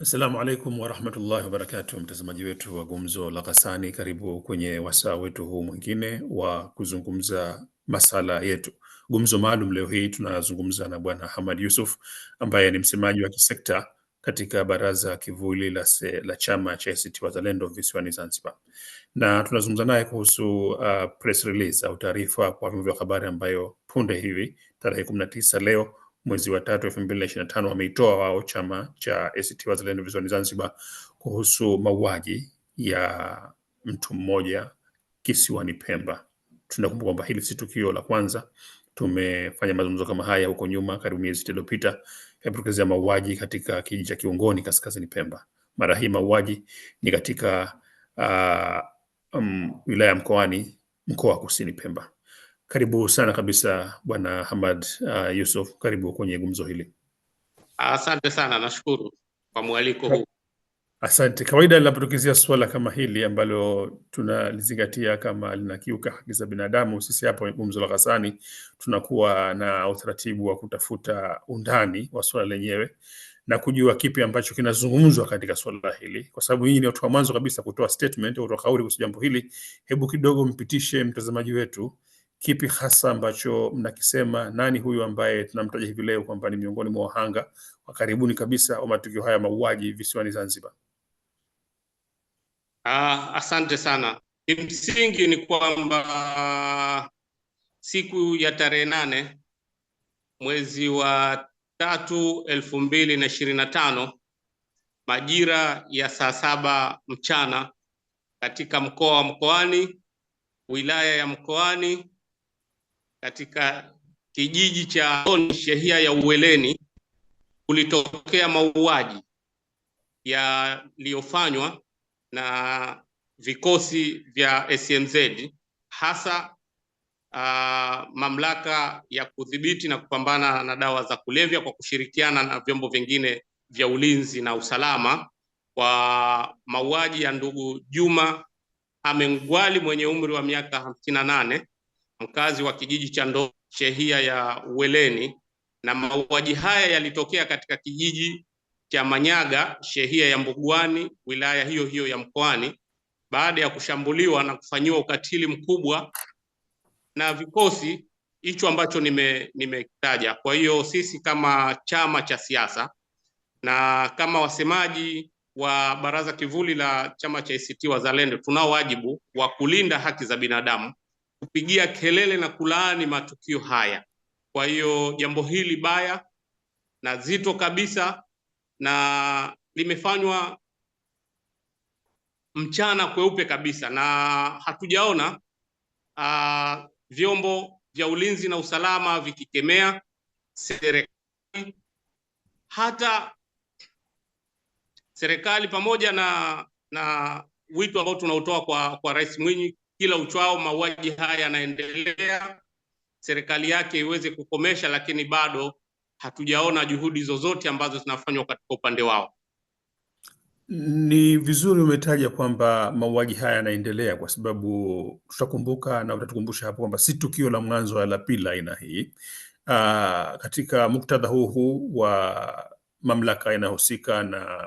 Assalamu alaikum warahmatullahi wabarakatu mtazamaji wetu wa Gumzo la Ghassani, karibu kwenye wasaa wetu huu mwingine wa kuzungumza masala yetu. Gumzo maalum leo hii tunazungumza na Bwana Hamad Yusuf ambaye ni msemaji wa kisekta katika baraza kivuli la, se, la chama cha ACT Wazalendo visiwani Zanzibar, na tunazungumza naye kuhusu uh, press release au taarifa kwa vyombo vya habari ambayo punde hivi tarehe kumi na tisa leo mwezi wa tatu elfu mbili na ishirini na tano wameitoa wao chama cha ACT Wazalendo visiwani Zanzibar kuhusu mauaji ya mtu mmoja kisiwani Pemba. Tunakumbuka kwamba hili si tukio la kwanza. Tumefanya mazungumzo kama haya huko nyuma, karibu miezi sita iliyopita, yapotokezea mauaji katika kijiji cha Kiongoni kaskazini Pemba. Mara hii mauaji ni katika uh, um, wilaya ya Mkoani, mkoa wa Kusini Pemba. Karibu sana kabisa bwana Hamad uh, Yusuf, karibu kwenye gumzo hili. Asante sana, nashukuru kwa mwaliko huu. Asante. Kawaida linapotokezea suala kama hili ambalo tunalizingatia kama linakiuka haki za binadamu, sisi hapa Gumzo la Ghassani tunakuwa na utaratibu wa kutafuta undani wa suala lenyewe na kujua kipi ambacho kinazungumzwa katika suala hili, kwa sababu hii ni watu wa mwanzo kabisa kutoa statement kutoa kauli kuhusu jambo hili. Hebu kidogo mpitishe mtazamaji wetu kipi hasa ambacho mnakisema? Nani huyu ambaye tunamtaja hivi leo kwamba ni miongoni mwa wahanga wa karibuni kabisa wa matukio haya mauaji visiwani Zanzibar? Ah, asante sana. Kimsingi ni kwamba siku ya tarehe nane mwezi wa tatu elfu mbili na ishirini na tano majira ya saa saba mchana katika mkoa wa Mkoani wilaya ya Mkoani katika kijiji cha shehia ya Uweleni kulitokea mauaji yaliyofanywa na vikosi vya SMZ hasa uh, mamlaka ya kudhibiti na kupambana na dawa za kulevya kwa kushirikiana na vyombo vingine vya ulinzi na usalama kwa mauaji ya ndugu Juma Amengwali mwenye umri wa miaka hamsini na nane mkazi wa kijiji cha Ndo shehia ya Uweleni, na mauaji haya yalitokea katika kijiji cha Manyaga shehia ya Mbugwani wilaya hiyo hiyo ya Mkoani baada ya kushambuliwa na kufanyiwa ukatili mkubwa na vikosi hicho ambacho nimekitaja nime. Kwa hiyo sisi kama chama cha siasa na kama wasemaji wa baraza kivuli la chama cha ACT Wazalendo tunao wajibu wa kulinda haki za binadamu kupigia kelele na kulaani matukio haya. Kwa hiyo jambo hili baya na zito kabisa na limefanywa mchana kweupe kabisa na hatujaona uh, vyombo vya ulinzi na usalama vikikemea serikali, hata serikali pamoja na na wito ambao tunautoa kwa, kwa Rais Mwinyi kila uchwao mauaji haya yanaendelea, serikali yake iweze kukomesha, lakini bado hatujaona juhudi zozote ambazo zinafanywa katika upande wao. Ni vizuri umetaja kwamba mauaji haya yanaendelea, kwa sababu tutakumbuka na utatukumbusha hapo kwamba si tukio la mwanzo la pili la aina hii. Ah, katika muktadha huu huu wa mamlaka inayohusika na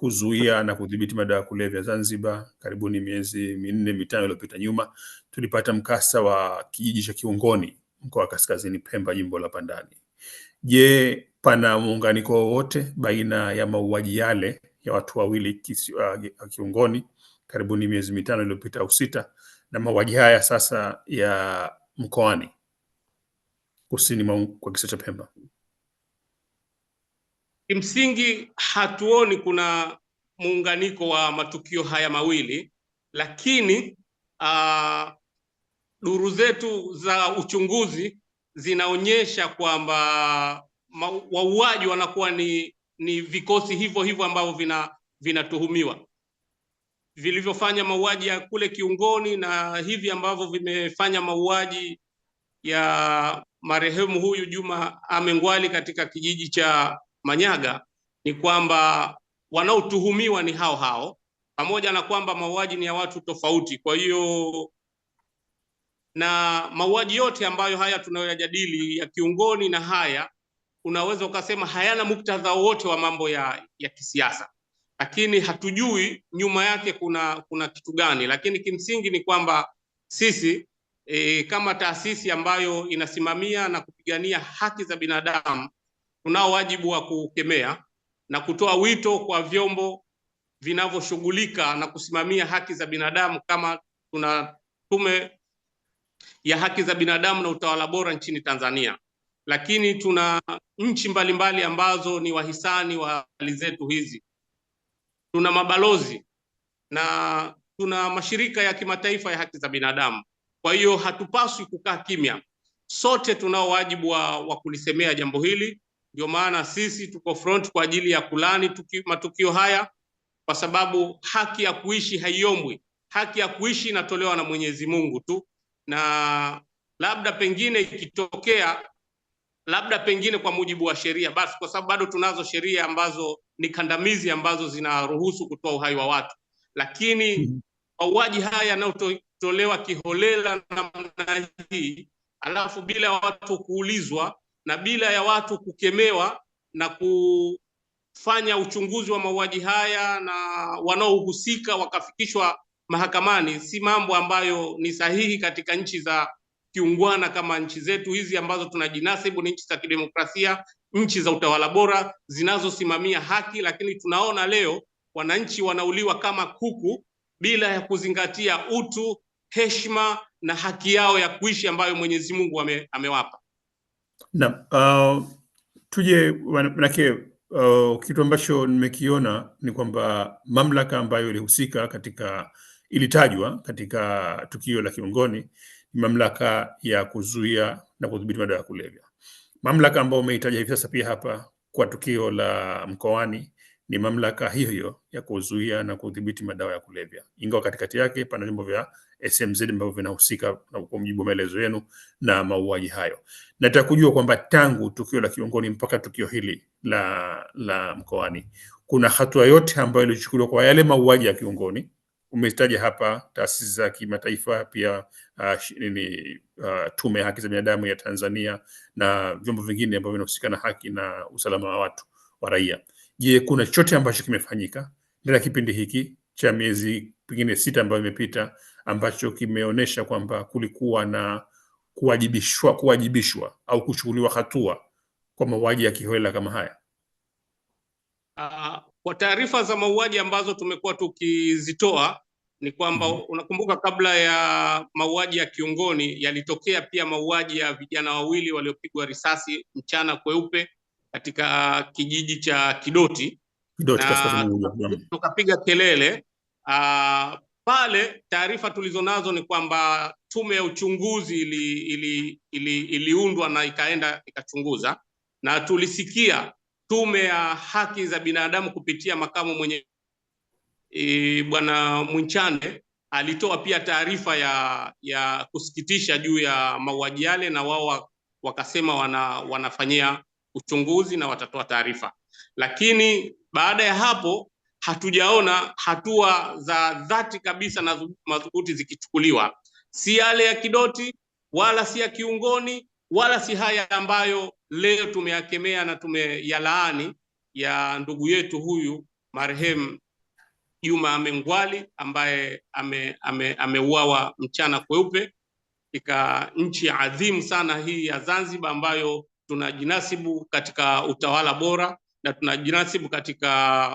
kuzuia na kudhibiti madawa ya kulevya Zanzibar. Karibuni miezi minne mitano iliyopita nyuma, tulipata mkasa wa kijiji cha Kiongoni, mkoa wa Kaskazini Pemba, jimbo la Pandani. Je, pana muunganiko wowote baina ya mauaji yale ya watu wawili uh, Kiongoni karibuni miezi mitano iliyopita au sita na mauaji haya sasa ya Mkoani kusini mwa kwa kisiwa cha Pemba? Kimsingi hatuoni kuna muunganiko wa matukio haya mawili, lakini uh, duru zetu za uchunguzi zinaonyesha kwamba wauaji wanakuwa ni, ni vikosi hivyo hivyo ambavyo vina vinatuhumiwa vilivyofanya mauaji ya kule Kiungoni na hivi ambavyo vimefanya mauaji ya marehemu huyu Juma Amengwali katika kijiji cha Manyaga ni kwamba wanaotuhumiwa ni hao hao, pamoja na kwamba mauaji ni ya watu tofauti. Kwa hiyo na mauaji yote ambayo haya tunayoyajadili ya Kiungoni na haya unaweza ukasema hayana muktadha wote wa mambo ya, ya kisiasa, lakini hatujui nyuma yake kuna kuna kitu gani, lakini kimsingi ni kwamba sisi e, kama taasisi ambayo inasimamia na kupigania haki za binadamu tunao wajibu wa kukemea na kutoa wito kwa vyombo vinavyoshughulika na kusimamia haki za binadamu kama tuna tume ya haki za binadamu na utawala bora nchini Tanzania, lakini tuna nchi mbalimbali ambazo ni wahisani wa hali zetu hizi, tuna mabalozi na tuna mashirika ya kimataifa ya haki za binadamu. Kwa hiyo hatupaswi kukaa kimya, sote tunao wajibu wa, wa kulisemea jambo hili ndio maana sisi tuko front kwa ajili ya kulani tuki, matukio haya kwa sababu haki ya kuishi haiombwi, haki ya kuishi inatolewa na Mwenyezi Mungu tu, na labda pengine ikitokea labda pengine kwa mujibu wa sheria basi, kwa sababu bado tunazo sheria ambazo ni kandamizi ambazo zinaruhusu kutoa uhai wa watu, lakini mauaji haya yanayotolewa kiholela namna hii, alafu bila watu kuulizwa na bila ya watu kukemewa na kufanya uchunguzi wa mauaji haya na wanaohusika wakafikishwa mahakamani, si mambo ambayo ni sahihi katika nchi za kiungwana kama nchi zetu hizi ambazo tunajinasibu ni nchi za kidemokrasia, nchi za utawala bora zinazosimamia haki. Lakini tunaona leo wananchi wanauliwa kama kuku bila ya kuzingatia utu, heshima na haki yao ya kuishi ambayo Mwenyezi Mungu ame, amewapa na uh, tuje manake uh, kitu ambacho nimekiona ni kwamba mamlaka ambayo ilihusika katika ilitajwa katika tukio la Kiongoni ni mamlaka ya kuzuia na kudhibiti madawa ya kulevya. Mamlaka ambayo umeitaja hivi sasa pia hapa kwa tukio la Mkoani ni mamlaka hiyo hiyo ya kuzuia na kudhibiti madawa ya kulevya, ingawa katikati yake pana vyombo vya SMZ ambavyo vinahusika kwa mujibu wa maelezo yenu na mauaji hayo. Nataka kujua kwamba tangu tukio la Kiongoni mpaka tukio hili la la Mkoani, kuna hatua yote ambayo ilichukuliwa kwa yale mauaji ya Kiongoni. Umetaja hapa taasisi za kimataifa pia uh, nini, uh, tume ya haki za binadamu ya Tanzania na vyombo vingine ambavyo vinahusika na haki na usalama wa watu wa raia. Je, kuna chochote ambacho kimefanyika ndani ya kipindi hiki cha miezi pengine sita ambayo imepita ambacho kimeonyesha kwamba kulikuwa na kuwajibishwa kuwajibishwa au kuchukuliwa hatua kwa mauaji ya kiholela kama haya? Uh, kwa taarifa za mauaji ambazo tumekuwa tukizitoa ni kwamba mm -hmm. Unakumbuka kabla ya mauaji ya Kiongoni yalitokea pia mauaji ya vijana wawili waliopigwa risasi mchana kweupe katika kijiji cha Kidoti, Kidoti tukapiga kelele uh, pale taarifa tulizonazo ni kwamba tume ya uchunguzi ili, ili, ili, iliundwa na ikaenda ikachunguza, na tulisikia tume ya haki za binadamu kupitia makamu mwenye e, bwana Mwinchande alitoa pia taarifa ya ya kusikitisha juu ya mauaji yale, na wao wakasema wana, wanafanyia uchunguzi na watatoa taarifa. Lakini baada ya hapo hatujaona hatua za dhati kabisa na madhubuti zikichukuliwa, si yale ya kidoti wala si ya kiungoni wala si haya ambayo leo tumeyakemea na tumeyalaani ya ndugu yetu huyu marehemu Juma Mengwali ambaye ameuawa ame, mchana kweupe katika nchi adhimu sana hii ya Zanzibar ambayo tunajinasibu katika utawala bora na tunajinasibu katika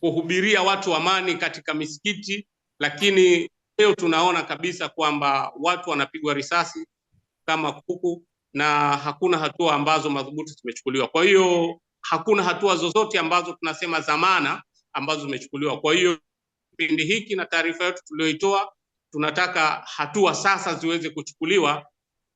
kuhubiria watu amani katika misikiti, lakini leo tunaona kabisa kwamba watu wanapigwa risasi kama kuku na hakuna hatua ambazo madhubuti zimechukuliwa. Kwa hiyo hakuna hatua zozote ambazo tunasema zamana ambazo zimechukuliwa. Kwa hiyo kipindi hiki na taarifa yetu tuliyoitoa, tunataka hatua sasa ziweze kuchukuliwa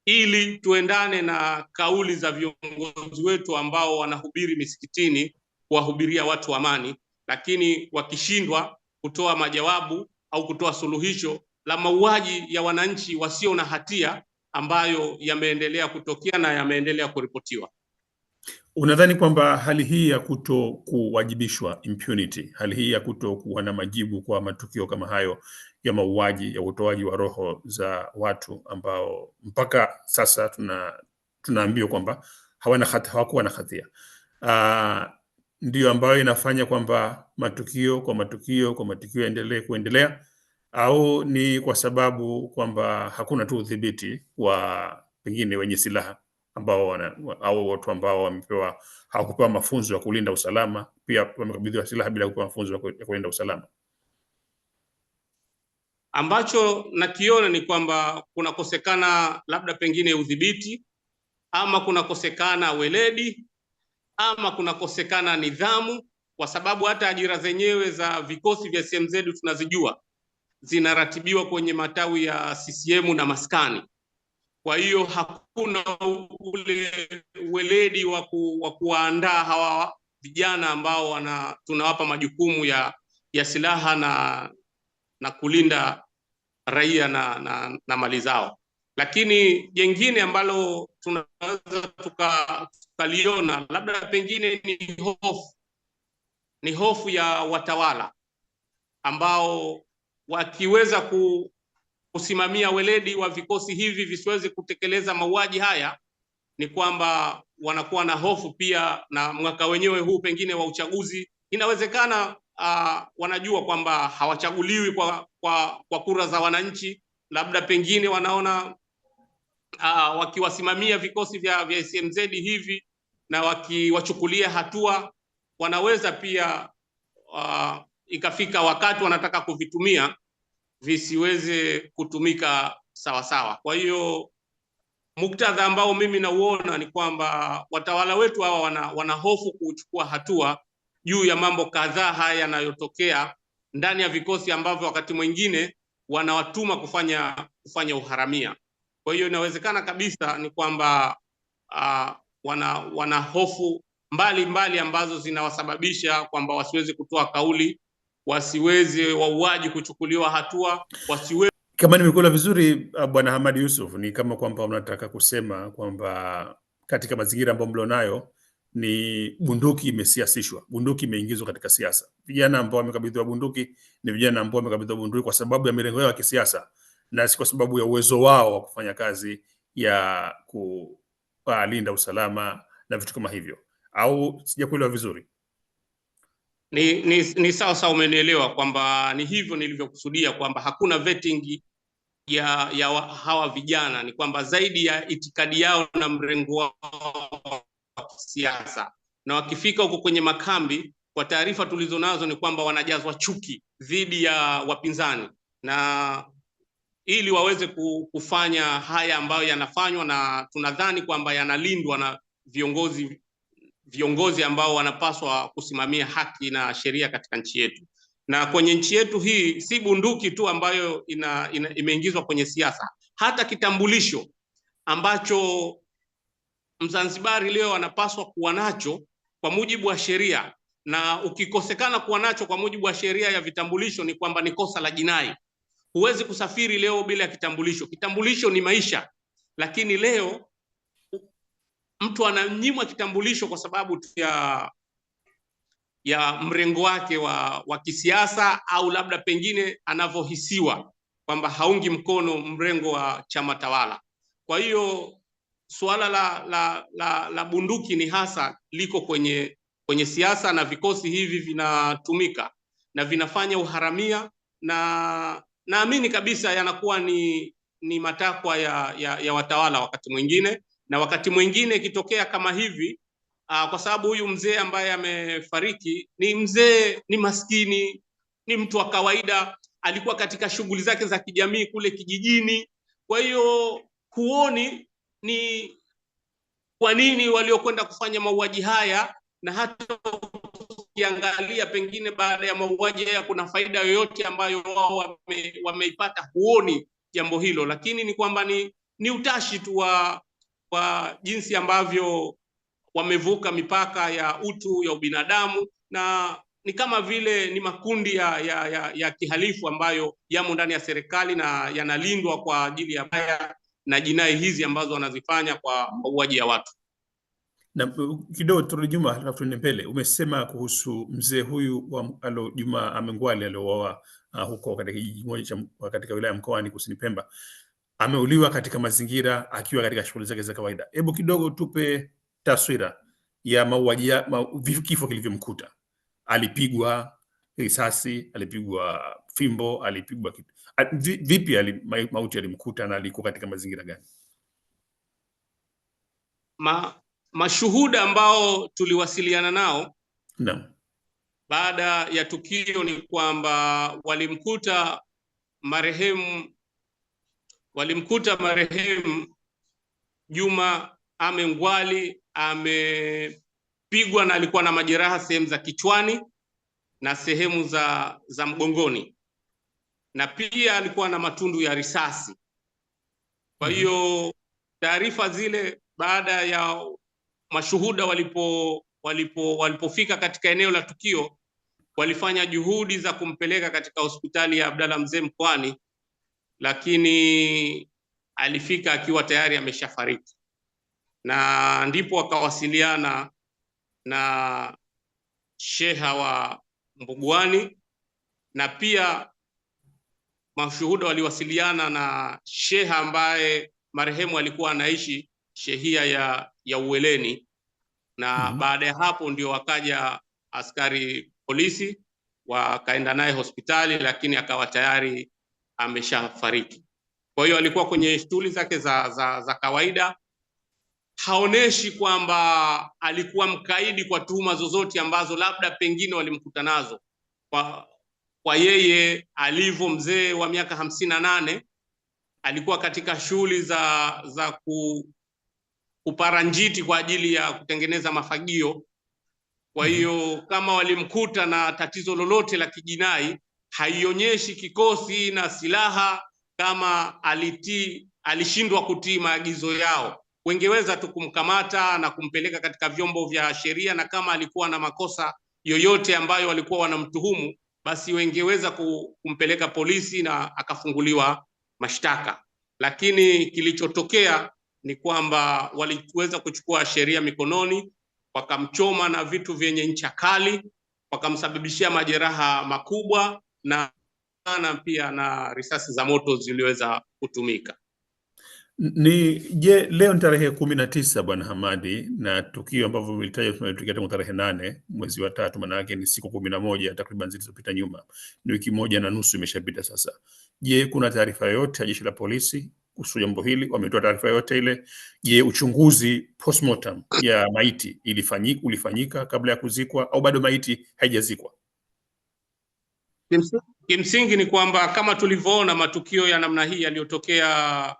ili tuendane na kauli za viongozi wetu ambao wanahubiri misikitini kuwahubiria watu amani, lakini wakishindwa kutoa majawabu au kutoa suluhisho la mauaji ya wananchi wasio na hatia ambayo yameendelea kutokea na yameendelea kuripotiwa. Unadhani kwamba hali hii ya kuto kuwajibishwa impunity, hali hii ya kuto kuwa na majibu kwa matukio kama hayo ya mauaji ya utoaji wa roho za watu ambao mpaka sasa tuna tunaambiwa kwamba hawana hawakuwa na hatia uh, ndiyo ambayo inafanya kwamba matukio kwa matukio kwa matukio yaendelee kuendelea, au ni kwa sababu kwamba hakuna tu udhibiti wa pengine wenye silaha ambao wana, au watu ambao wamepewa hawakupewa mafunzo ya kulinda usalama, pia wamekabidhiwa silaha bila kupewa mafunzo ya kulinda usalama. Ambacho nakiona ni kwamba kunakosekana labda pengine udhibiti ama kunakosekana weledi ama kunakosekana nidhamu, kwa sababu hata ajira zenyewe za vikosi vya CMZ tunazijua zinaratibiwa kwenye matawi ya CCM na maskani. Kwa hiyo hakuna ule weledi wa kuwaandaa hawa vijana ambao wana tunawapa majukumu ya ya silaha na na kulinda raia na, na, na mali zao. Lakini jengine ambalo tunaweza tuka paliona labda pengine ni hofu, ni hofu ya watawala ambao wakiweza kusimamia weledi wa vikosi hivi visiweze kutekeleza mauaji haya, ni kwamba wanakuwa na hofu pia na mwaka wenyewe huu pengine wa uchaguzi. Inawezekana uh, wanajua kwamba hawachaguliwi kwa, kwa, kwa kura za wananchi, labda pengine wanaona uh, wakiwasimamia vikosi vya, vya SMZ hivi na wakiwachukulia hatua wanaweza pia uh, ikafika wakati wanataka kuvitumia visiweze kutumika sawa sawa. Kwa hiyo muktadha ambao mimi nauona ni kwamba watawala wetu hawa wana, wana hofu kuchukua hatua juu ya mambo kadhaa haya yanayotokea ndani ya vikosi ambavyo wakati mwingine wanawatuma kufanya kufanya uharamia. Kwa hiyo inawezekana kabisa ni kwamba uh, wana, wana hofu mbali mbali ambazo zinawasababisha kwamba wasiweze kutoa kauli, wasiweze wauaji kuchukuliwa hatua, wasiwezi kama nimekula vizuri uh, Bwana Hamad Yusuf, ni kama kwamba unataka kusema kwamba katika mazingira ambayo mlionayo ni bunduki imesiasishwa, bunduki imeingizwa katika siasa. Vijana ambao wamekabidhiwa bunduki ni vijana ambao wamekabidhiwa bunduki kwa sababu ya mirengo yao ya kisiasa na si kwa sababu ya uwezo wao wa kufanya kazi ya ku uh, linda usalama na vitu kama hivyo, au sijakuelewa vizuri? Ni, ni, ni sawa sawa, umenielewa kwamba ni hivyo nilivyokusudia kwamba hakuna vetting ya, ya wa, hawa vijana ni kwamba zaidi ya itikadi yao na mrengo wao wa kisiasa, na wakifika huko kwenye makambi, kwa taarifa tulizo nazo ni kwamba wanajazwa chuki dhidi ya wapinzani na ili waweze kufanya haya ambayo yanafanywa, na tunadhani kwamba yanalindwa na viongozi viongozi ambao wanapaswa kusimamia haki na sheria katika nchi yetu. Na kwenye nchi yetu hii si bunduki tu ambayo ina, ina, imeingizwa kwenye siasa, hata kitambulisho ambacho Mzanzibari leo anapaswa kuwa nacho kwa mujibu wa sheria, na ukikosekana kuwa nacho kwa mujibu wa sheria ya vitambulisho, ni kwamba ni kosa la jinai. Huwezi kusafiri leo bila kitambulisho. Kitambulisho ni maisha, lakini leo mtu ananyimwa kitambulisho kwa sababu ya ya mrengo wake wa, wa kisiasa au labda pengine anavyohisiwa kwamba haungi mkono mrengo wa chama tawala. Kwa hiyo suala la, la, la, la bunduki ni hasa liko kwenye kwenye siasa na vikosi hivi vinatumika na vinafanya uharamia na naamini kabisa yanakuwa ni ni matakwa ya, ya, ya watawala wakati mwingine, na wakati mwingine ikitokea kama hivi aa, ah, kwa sababu huyu mzee ambaye amefariki ni mzee, ni maskini, ni mtu wa kawaida, alikuwa katika shughuli zake za kijamii kule kijijini. Kwa hiyo huoni ni kwa nini waliokwenda kufanya mauaji haya na hata ukiangalia pengine baada ya mauaji haya kuna faida yoyote ambayo wao wame, wameipata, huoni jambo hilo, lakini ni kwamba ni, ni utashi tu wa, wa jinsi ambavyo wamevuka mipaka ya utu ya ubinadamu na ni kama vile ni makundi ya, ya, ya, ya kihalifu ambayo yamo ndani ya serikali na yanalindwa kwa ajili ya baya na jinai hizi ambazo wanazifanya kwa mauaji ya watu. Na kidogo turudi nyuma, halafu tuende mbele. Umesema kuhusu mzee huyu wa alo Juma Amengwali aliouawa uh, huko katika kijiji cha katika wilaya Mkoani kusini Pemba, ameuliwa katika mazingira akiwa katika shughuli zake za kawaida. Hebu kidogo tupe taswira ya mauaji, ma, kifo kilivyomkuta. Alipigwa risasi, alipigwa fimbo, alipigwa kitu vipi? Ali, mauti alimkuta na alikuwa katika mazingira gani? Ma, mashuhuda ambao tuliwasiliana nao no. baada ya tukio ni kwamba walimkuta marehemu walimkuta marehemu Juma amengwali, amepigwa na alikuwa na majeraha sehemu za kichwani na sehemu za, za mgongoni na pia alikuwa na matundu ya risasi. Kwa mhm. hiyo taarifa zile baada ya mashuhuda walipo walipo walipofika katika eneo la tukio walifanya juhudi za kumpeleka katika hospitali ya Abdalla Mzee mkwani lakini alifika akiwa tayari ameshafariki, na ndipo wakawasiliana na sheha wa Mbugwani na pia mashuhuda waliwasiliana na sheha ambaye marehemu alikuwa anaishi shehia ya ya Uweleni na mm -hmm. Baada ya hapo ndio wakaja askari polisi wakaenda naye hospitali, lakini akawa tayari ameshafariki. Kwa hiyo alikuwa kwenye shughuli zake za, za, za kawaida. Haoneshi kwamba alikuwa mkaidi kwa tuhuma zozote ambazo labda pengine walimkuta nazo kwa, kwa yeye alivyo mzee wa miaka hamsini na nane alikuwa katika shughuli za, za ku uparanjiti kwa ajili ya kutengeneza mafagio. Kwa mhm. hiyo kama walimkuta na tatizo lolote la kijinai, haionyeshi kikosi na silaha kama alitii, alishindwa kutii maagizo yao, wengeweza tu kumkamata na kumpeleka katika vyombo vya sheria, na kama alikuwa na makosa yoyote ambayo walikuwa wanamtuhumu, basi wengeweza kumpeleka polisi na akafunguliwa mashtaka. Lakini kilichotokea ni kwamba waliweza kuchukua sheria mikononi, wakamchoma na vitu vyenye ncha kali, wakamsababishia majeraha makubwa na na pia na risasi za moto ziliweza kutumika. Ni je, leo ni tarehe kumi na tisa Bwana Hamadi, na tukio ambavyo vilitaja tumetokea tangu tarehe nane mwezi wa tatu, maana yake ni siku kumi na moja takriban zilizopita nyuma, ni wiki moja na nusu imeshapita sasa. Je, kuna taarifa yoyote ya jeshi la polisi kuhusu jambo hili, wametoa taarifa yote ile. Je, uchunguzi postmortem ya maiti ilifanyika, ulifanyika kabla ya kuzikwa au bado maiti haijazikwa? Kimsingi, kimsingi ni kwamba kama tulivyoona matukio ya namna hii yaliyotokea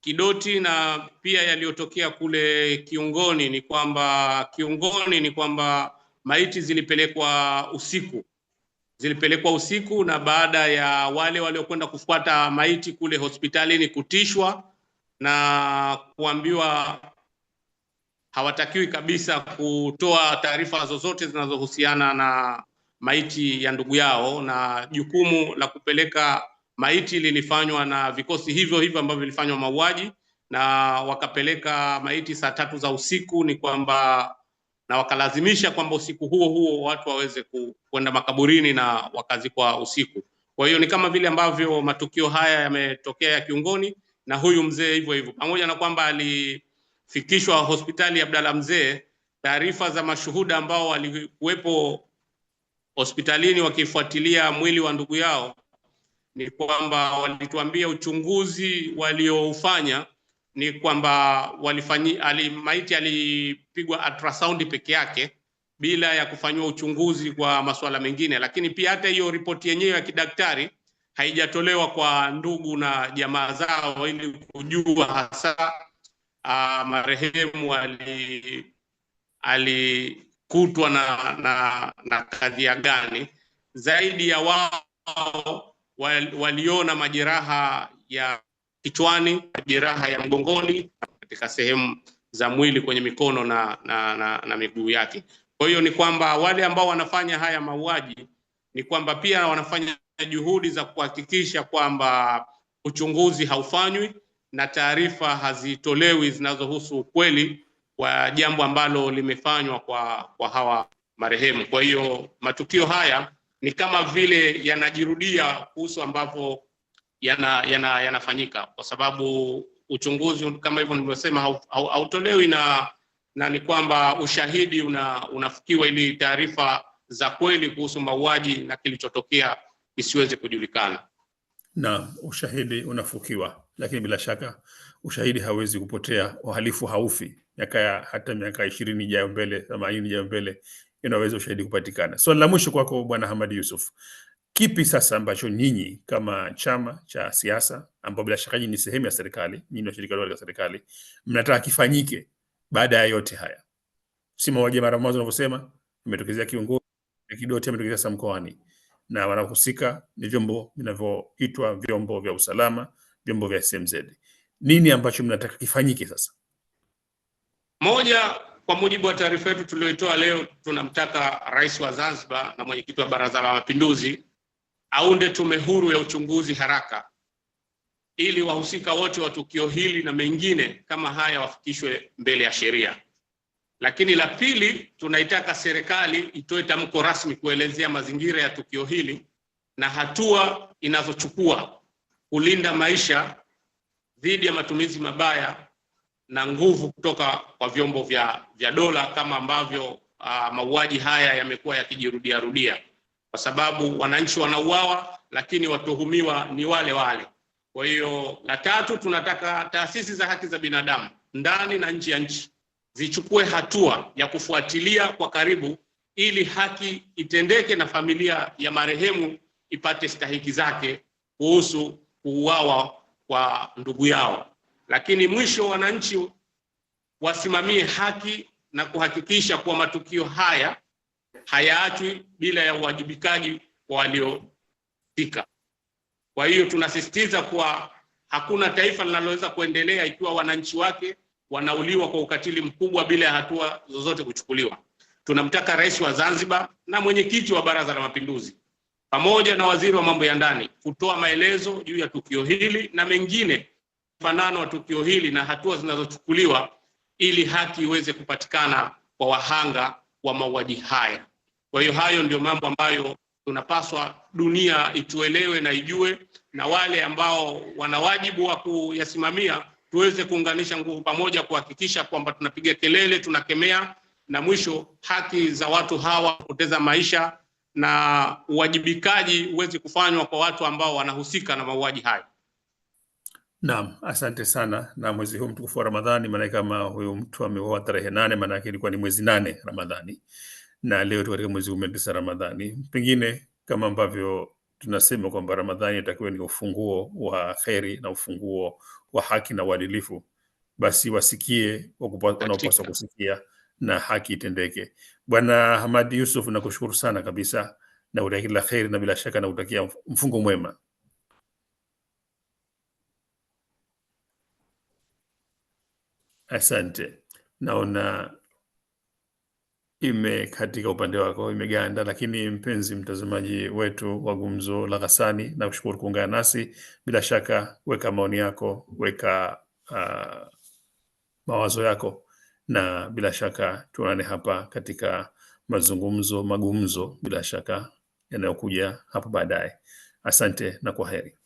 Kidoti na pia yaliyotokea kule Kiungoni ni kwamba Kiungoni ni kwamba maiti zilipelekwa usiku zilipelekwa usiku, na baada ya wale waliokwenda kufuata maiti kule hospitalini kutishwa na kuambiwa hawatakiwi kabisa kutoa taarifa zozote zinazohusiana na maiti ya ndugu yao, na jukumu la kupeleka maiti lilifanywa na vikosi hivyo hivyo ambavyo vilifanywa mauaji, na wakapeleka maiti saa tatu za usiku. Ni kwamba na wakalazimisha kwamba usiku huo huo watu waweze kwenda makaburini na wakazikwa usiku. Kwa hiyo ni kama vile ambavyo matukio haya yametokea ya Kiungoni na huyu mzee hivyo hivyo, pamoja na kwamba alifikishwa hospitali ya Abdalla Mzee. Taarifa za mashuhuda ambao walikuwepo hospitalini wakifuatilia mwili wa ndugu yao ni kwamba walituambia uchunguzi walioufanya ni kwamba walifanyi, ali, maiti alipigwa ultrasound peke yake bila ya kufanyiwa uchunguzi kwa masuala mengine, lakini pia hata hiyo ripoti yenyewe ya kidaktari haijatolewa kwa ndugu na jamaa zao ili kujua hasa uh, marehemu ali alikutwa na, na, na kadhia gani. Zaidi ya wao wal, waliona majeraha ya kichwani, majeraha ya mgongoni, katika sehemu za mwili kwenye mikono na, na, na, na miguu yake. Kwa hiyo ni kwamba wale ambao wanafanya haya mauaji ni kwamba pia wanafanya juhudi za kuhakikisha kwamba uchunguzi haufanywi na taarifa hazitolewi zinazohusu ukweli wa jambo ambalo limefanywa kwa, kwa hawa marehemu. Kwa hiyo matukio haya ni kama vile yanajirudia kuhusu ambapo yanafanyika yana, yanafanyika kwa sababu uchunguzi kama hivyo nilivyosema hautolewi na na ni kwamba ushahidi una, unafikiwa ili taarifa za kweli kuhusu mauaji na kilichotokea isiweze kujulikana. na ushahidi unafukiwa, lakini bila shaka ushahidi hawezi kupotea. Uhalifu haufi, miaka ya hata miaka ishirini ijayo mbele, themanini ijayo mbele, inaweza ushahidi kupatikana. Swali so, la mwisho kwako Bwana Hamadi Yusuf, kipi sasa ambacho nyinyi kama chama cha siasa ambao bila shaka ni sehemu ya serikali, nyinyi shirika la serikali, mnataka kifanyike baada ya yote haya? Si mauaji mara mwanzo wanavyosema, imetokezea kiongozi Kidoti, ametokezea sa mkoani, na wanahusika ni vyombo vinavyoitwa vyombo vya usalama, vyombo vya SMZ. Nini ambacho mnataka kifanyike sasa? Moja, kwa mujibu wa taarifa yetu tuliyoitoa leo, tunamtaka Rais wa Zanzibar na mwenyekiti wa Baraza la Mapinduzi aunde tume huru ya uchunguzi haraka ili wahusika wote wa tukio hili na mengine kama haya wafikishwe mbele ya sheria. Lakini la pili, tunaitaka serikali itoe tamko rasmi kuelezea mazingira ya tukio hili na hatua inazochukua kulinda maisha dhidi ya matumizi mabaya na nguvu kutoka kwa vyombo vya, vya dola kama ambavyo ah, mauaji haya yamekuwa yakijirudia rudia kwa sababu wananchi wanauawa, lakini watuhumiwa ni wale wale. Kwa hiyo, la tatu, tunataka taasisi za haki za binadamu ndani na nje ya nchi zichukue hatua ya kufuatilia kwa karibu ili haki itendeke na familia ya marehemu ipate stahiki zake kuhusu kuuawa kwa ndugu yao. Lakini mwisho, wananchi wasimamie haki na kuhakikisha kuwa matukio haya hayaachwi bila ya uwajibikaji wa waliohusika. Kwa hiyo tunasisitiza kuwa hakuna taifa linaloweza kuendelea ikiwa wananchi wake wanauliwa kwa ukatili mkubwa bila ya hatua zozote kuchukuliwa. Tunamtaka Rais wa Zanzibar na mwenyekiti wa Baraza la Mapinduzi pamoja na waziri wa mambo ya ndani kutoa maelezo juu ya tukio hili na mengine fanano wa tukio hili na hatua zinazochukuliwa ili haki iweze kupatikana kwa wahanga wa mauaji haya. Kwa hiyo hayo ndio mambo ambayo tunapaswa dunia ituelewe na ijue, na wale ambao wana wajibu wa kuyasimamia tuweze kuunganisha nguvu pamoja kuhakikisha kwamba tunapiga kelele, tunakemea na mwisho haki za watu hawa kupoteza maisha na uwajibikaji uweze kufanywa kwa watu ambao wanahusika na mauaji hayo. Naam, asante sana. Na mwezi huu mtukufu wa Ramadhani, maanake kama huyu mtu ameoa tarehe nane, yake ilikuwa ni mwezi nane Ramadhani, na leo katika mwezi huu na Ramadhani. Pengine kama ambavyo tunasema kwamba Ramadhani itakiwa ni ufunguo wa kheri na ufunguo wa haki na uadilifu, basi wasikie wanaopaswa kusikia na haki itendeke. Bwana Hamadi Yusuf, nakushukuru sana kabisa na utakia kila kheri na bila shaka na utakia mfungo mwema. Asante, naona katika upande wako, imeganda. Lakini mpenzi mtazamaji wetu wa Gumzo la Ghassani, na kushukuru kuungana nasi. Bila shaka, weka maoni yako, weka uh, mawazo yako, na bila shaka tuonane hapa katika mazungumzo magumzo, bila shaka yanayokuja hapa baadaye. Asante na kwa heri.